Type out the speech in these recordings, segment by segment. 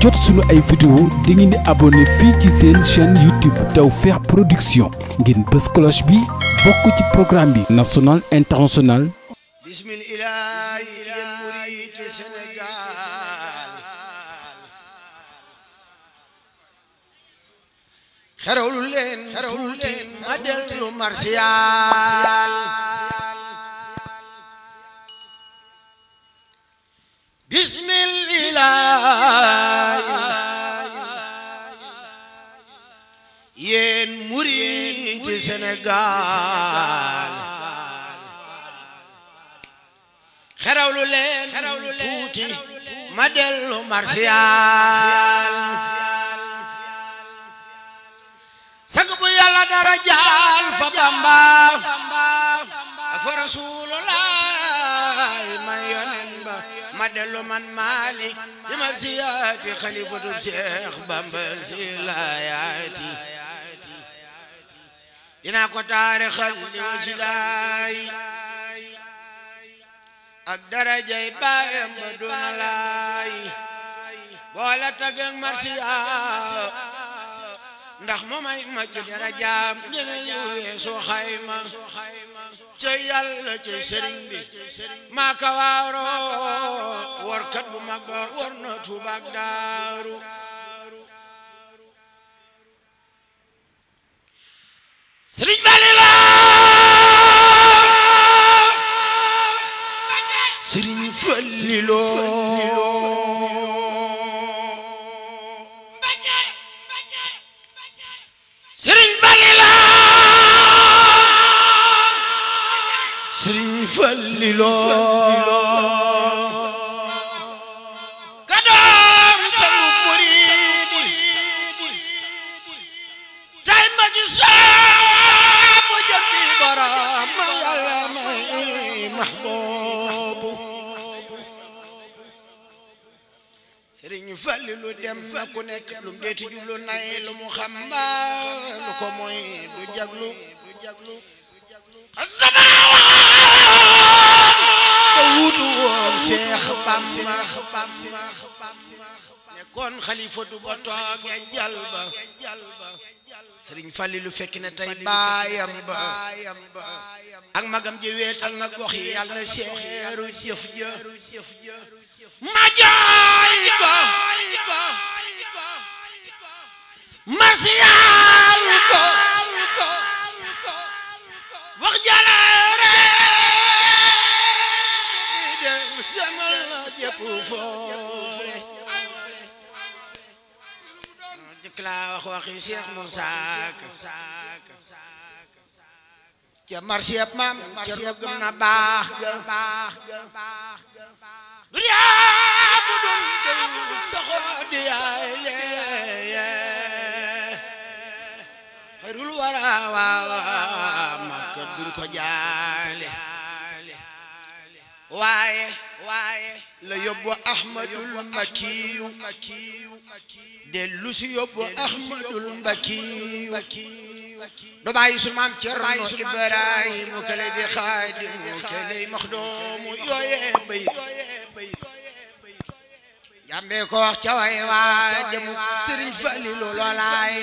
jot suñu ay vidéo da ngeen di fii ci seen chaîne YouTube Tawfekh Production ngeen bës cloche bi bokk ci programme bi national international Sénégal xerawlu leen tuuti ma dellu marsiyaal sang bu yàlla dara jaal fa Bamba ak fa Rasuulullaay ma yonen ba ma dellu man Maalik di marsiyaati xalifatul Seex Bamba si laayaati dinaa ko taarixal li wajhi laahi ak darajay baayam ba doona laay boola taggal marsiya ndax mu may ma ci darajaam gëna li weesu xayma ca yàlla ca sëriñ bi maa ka waaro warkat bu mag ba war na tuubaak daaru Sëriñ Fallilu Sëriñ Fallilu Sëriñ Fallilu Sëriñ Fallilu sëriñ fàlli na ku nekk xam mbaa mooy du jaglu du jaglu te wuutu woon Seex Bamba xalifa du ba toog ya jal ba lu fekk na tey baayam ba ak magam ji weetal na gox yi na seeru jëf jëf ma jooy ko ma siyaal ko wax jalaare dem semal la jëpp foore jëkk laa wax waxi Cheikh Moussa ca marché maam ca gëm na baax ga duniyaa bu dun daylu di yaay leeye xayrul waraa waawaa makka duñ ko jaale waaye waaye la yóbbu ahmadul makiyu dellu si yóbbu ahmadul makiyu du bàyyi su maam kale di xaadimu kale maxdoomu yooye bay jàmbee ko wax ca way waa demu sëriñ Falilu loolaay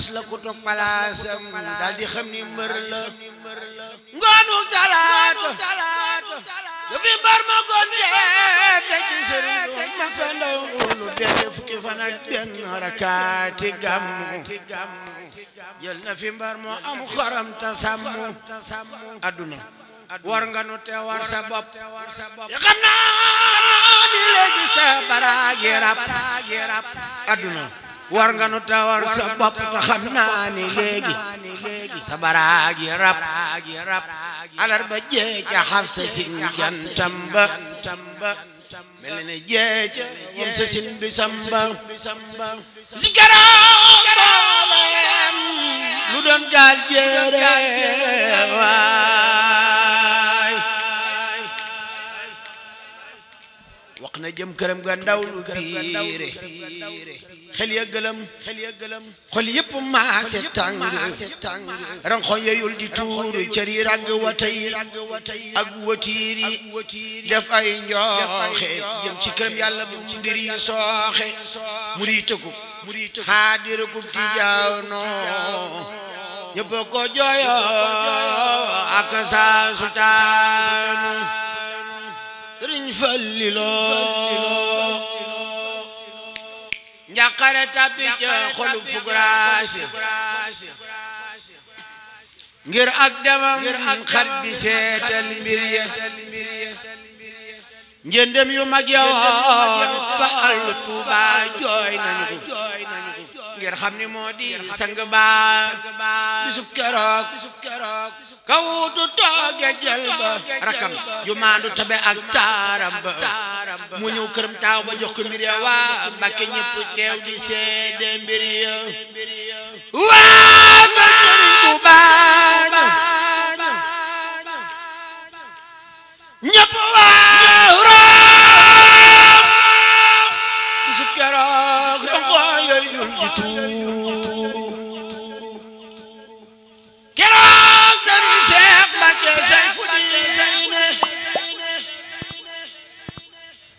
tas la ku toog palaasam daal di xam ni mbër la ngoonu talaata dafi mbar ma gonte fekk sëriñ ma fendaw ngoonu benn fukki fan ak benn rakaati gàmmu jël na fi mbar moo am xorom ta sàmm adduna war nga nu te war sa bopp te xam naa ni léegi sa bara gi rab adduna war nga nu tawar sa bopp te xam naa ni léegi sa baraag yi rab alarba jee ca Xafsa si jantam ba mel ni jee ca moom sa sin bi samba zikaram booleem lu doon jaal jéere na jëm këram ga ndaw lu biire xel ya gëlëm xel ya gëlëm xol yëpp maase tàng ranxo yeyul di tuuru cër yi ràgg watay ak watiir yi def ay njooxe jëm ci këram yàlla bu mbir yi sooxe muriitëku xaadirëku tijaanoo ñëpp ko jooyo ak sa sultaanu sëriñ falliloo njàqare tàbbi ca xolu fugraasi ngir ak demam xar bi seetal mbir ya njëndem yu mag ya fa àll Tuuba jooy nañu ko ngir xam ni moo di sang baa bisub keroog kawutu tooge jël ba rakam yu maandu tabe ak taaram ba mu ñëw këram taaw ba jox mbir ya waa Mbàkke ñëpp teew di seede mbir ya waa ko Sëriñ Tuubaa waa tuuru keroog dari Seex Mbàkke say fu diine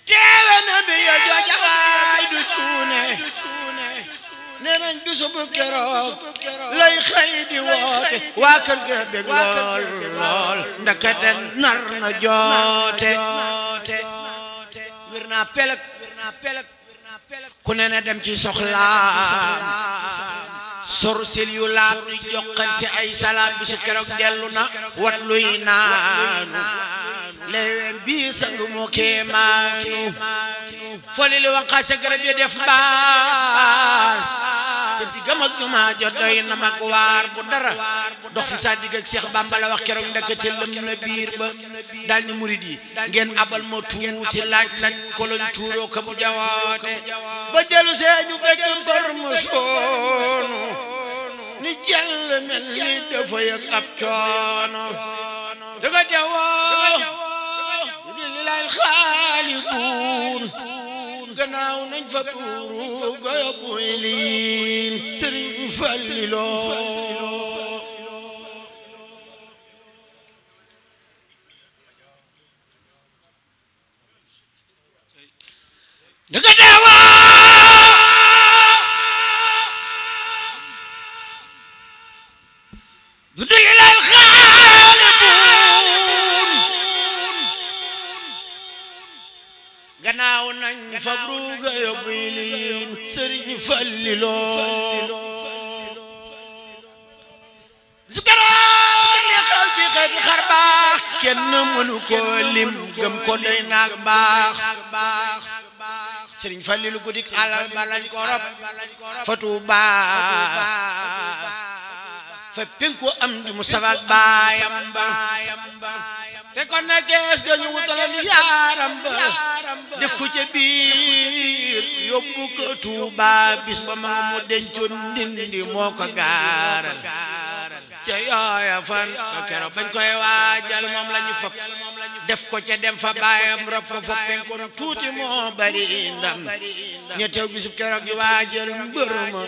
teewe na bi ya jooja waay du cuune nee nañ bisu bu keroog lay xëy di woote waa kër ga bég lool lool ndakate nar na joote wir naa pelek wir naa pelek ku ne na dem ci soxlaam sorsil yu laab di joxante ay salaam bi su keroog dellu na wat luy naanu leeween bii sang moo folil waxa sa garab yi def baal ci diggam ak jumaa jot doy na mag waar bu dara dox fi sa digg ak Seex Bàmba la wax keroog ndekete lëm na biir ba daal ni murid yi ngeen abal ma tuuti laaj laaj koloñ tuuroo ka bu jawaate ba jëlu see ñu fekk mbër mu soonu ni jàll mel ni dafa yëg ab coono dëgg jawoo ñu di gannaaw nañ fa tuuru goyobuy liin sëriñ Fallilo daga daaw mënu ko lim gëm ko doy naag baax sëriñ Fallilu guddik alal ba lañ ko rab fa Tuuba fa penku am di mu sabal baayam ba te kon na gees ga ñu wutaloon yaaram ba def ko ca biir yóbbu ko Tuuba bis ba ma mu dencoon ndindi moo ko gaara yooya fan keroog bañ koy waajal moom la ñu fab def ko ca dem fa baayam rob ko fa penkoon tuuti moo bari ndam ña teew bisub keroog di waajal mbër ma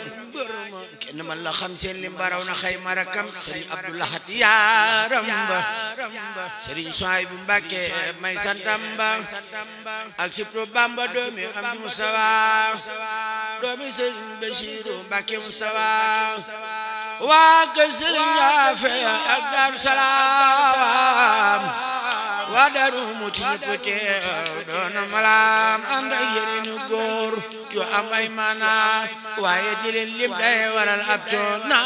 kenn man la xam seen lim baraw na xay marakam sëriñ abdoulahat yaaram ba sëriñ soay bu mbàkke may santam ba ak sipto bamba doomi am di mustawa doomi sëriñ bashiru mbàkke mustawa waa kër Sëriñ Jaafe ak Salaam waa Daaru Muti ñëpp teew malaam ànd ak yeneen am ay maanaa waaye lim day waral ab coono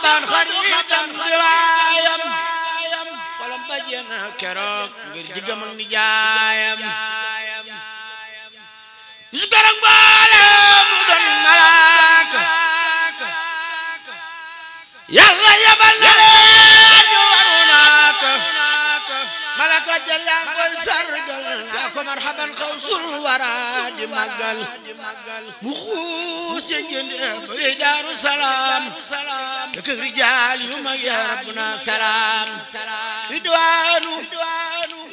xaban xaritam riwaayam xolam bajee na keroog ngir diggam ak nijaayam su keroog boole mu doon malaaka yàlla yabal na leen ñu waru naaka malaaka jar yaa koy sargal naa ko marhaban xawsul wara di màggal mu xuus ca njëndeef ba yee daaru salaam dëkk rijaal yu mag yaa rabbuna salaam ridwaanu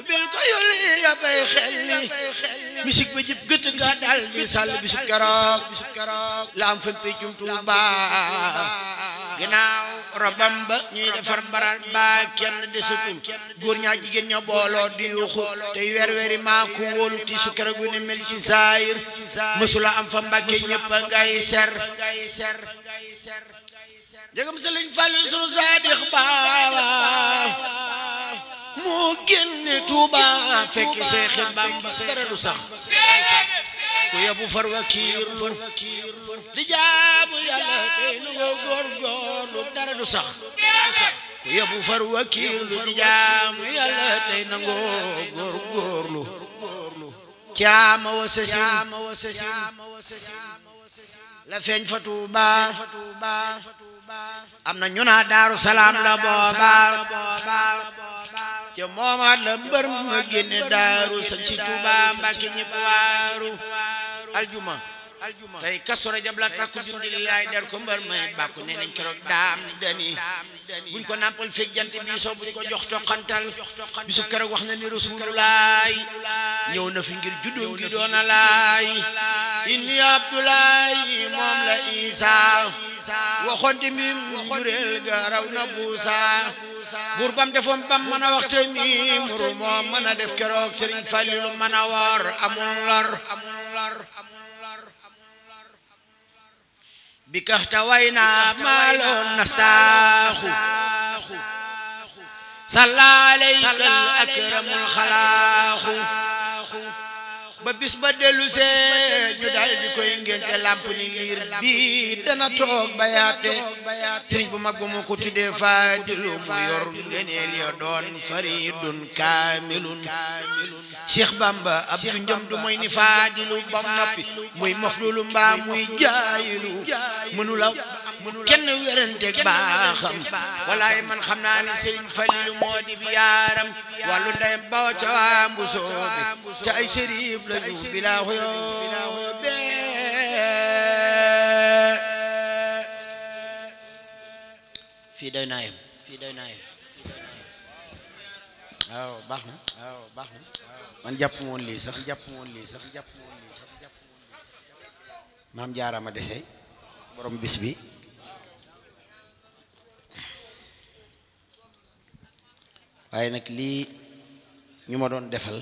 bil ko yulli ya bay xelli misik ba jib gët nga dal di sàll bisub keroog la am fa péccum Tuubaa ginnaaw robam ba ñuy defar baral baa kenn desatul góor ñaa jigéen ña booloo di yuuxu tey weer weeri maa ku wóolu ti sukkara gu ne mel ci zaayir mësula am fa mbàkke ñëpp a ngay ser jegam sëliñ fàllu sunu saadix baaba moo génne tuuba fekk seexi bamba dara du sax ku yabu far wakiir li jaabu yàlla tey nu góor góor dara du sax ku la feeñ fa Tuuba am na ñu naa la booba te moomaat la mbër ma génne ci Tuuba Mbàkke ñëpp aljuma aljuma tey kasu a la takku jundi lillaay der ko mbar may bàkku nee nañ keroog daam dani buñ ko nàmpal fekk jant bi soo buñ ko jox toqantal bisu keroog wax na ni rasulullaay ñëw na fi ngir juddoom gi doona laay inni abdoulaye moom la isa waxoon di mbim jureel ga raw na buusa buur bam defoon bam mën a waxte mi muru moom mën a def keroog sëriñ fàllilu mën a war amul lor بك احتوينا مال نستاخ صلى عليك الأكرم الخلاق ba bis ba dellu see ñu daal di koy ngénte làmp liir bii dana toog ba yaate bu mag ba moo ko tuddee faadilu yor ngeneel ya doon faridun kaamilun cheikh bamba ab du njëm du mooy ni faadilu bam noppi muy maflulu mbaa muy jaayilu baaxam walaay man xam naa ni sëriñ falilu moo di fi yaaram wàllu ndeyam boo ca waa mbusoobe te ay sëriif la ñu bilaa xuyoobe fii doy naa yem fii man jàpp moon sax jàpp moon sax jàpp moon lii sax maam dese borom bis bi waaye nag lii ñu ma doon defal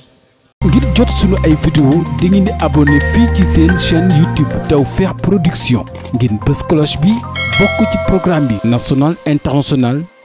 ngir jot sunu ay vidéo di ngeen di abonné fii ci seen chaîne YouTube Tawfekh Production ngeen bës cloche bi bokk ci programme bi national international